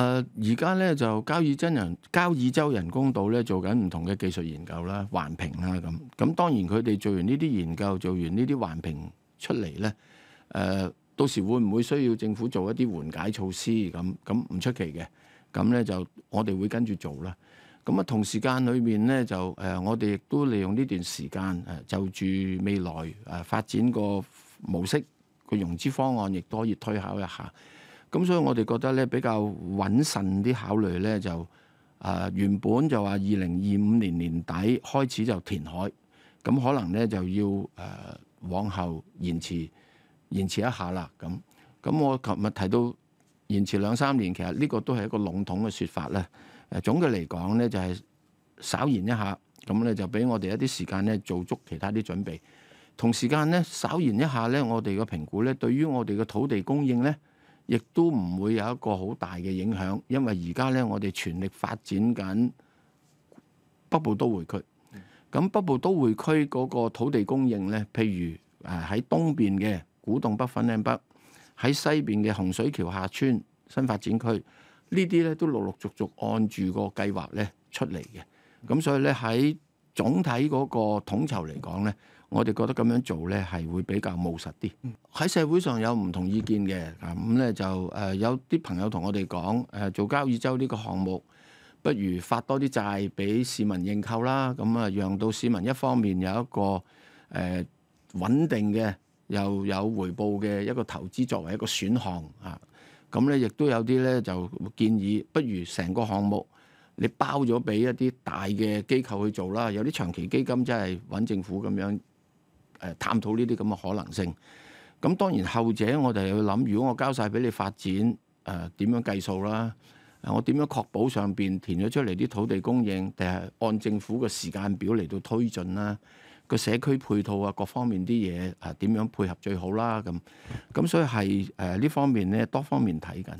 誒而家咧就交椅真人、交椅洲人工島咧做緊唔同嘅技術研究啦、環評啦咁。咁當然佢哋做完呢啲研究、做完呢啲環評出嚟咧，誒、呃、到時會唔會需要政府做一啲緩解措施？咁咁唔出奇嘅。咁咧就我哋會跟住做啦。咁啊同時間裏面咧就誒、呃，我哋亦都利用呢段時間誒、呃、就住未來誒、呃、發展個模式個融資方案，亦都可以推敲一下。咁所以，我哋覺得咧比較穩慎啲考慮咧，就誒、呃、原本就話二零二五年年底開始就填海，咁可能咧就要誒、呃、往後延遲延遲一下啦。咁咁我琴日提到延遲兩三年，其實呢個都係一個籠統嘅説法啦。誒總嘅嚟講咧，就係、是、稍延一下，咁咧就俾我哋一啲時間咧做足其他啲準備，同時間咧稍延一下咧，我哋嘅評估咧對於我哋嘅土地供應咧，亦都唔會有一個好大嘅影響，因為而家咧我哋全力發展緊北部都會區，咁北部都會區嗰個土地供應咧，譬如誒喺東邊嘅古洞北粉嶺北，喺西邊嘅洪水橋下村新發展區，呢啲咧都陸陸續續按住個計劃咧出嚟嘅，咁所以咧喺總體嗰個統籌嚟講咧，我哋覺得咁樣做咧係會比較務實啲。喺、嗯、社會上有唔同意見嘅，嗱咁咧就誒有啲朋友同我哋講，誒做交椅洲呢個項目，不如發多啲債俾市民認購啦。咁啊，讓到市民一方面有一個誒、呃、穩定嘅又有回報嘅一個投資作為一個選項啊。咁咧亦都有啲咧就建議，不如成個項目。你包咗俾一啲大嘅機構去做啦，有啲長期基金真係揾政府咁樣誒，探討呢啲咁嘅可能性。咁當然後者我哋要諗，如果我交晒俾你發展，誒、呃、點樣計數啦？我點樣確保上邊填咗出嚟啲土地供應，定係按政府嘅時間表嚟到推進啦？個社區配套啊，各方面啲嘢啊，呃、點樣配合最好啦？咁咁所以係誒呢方面呢，多方面睇緊。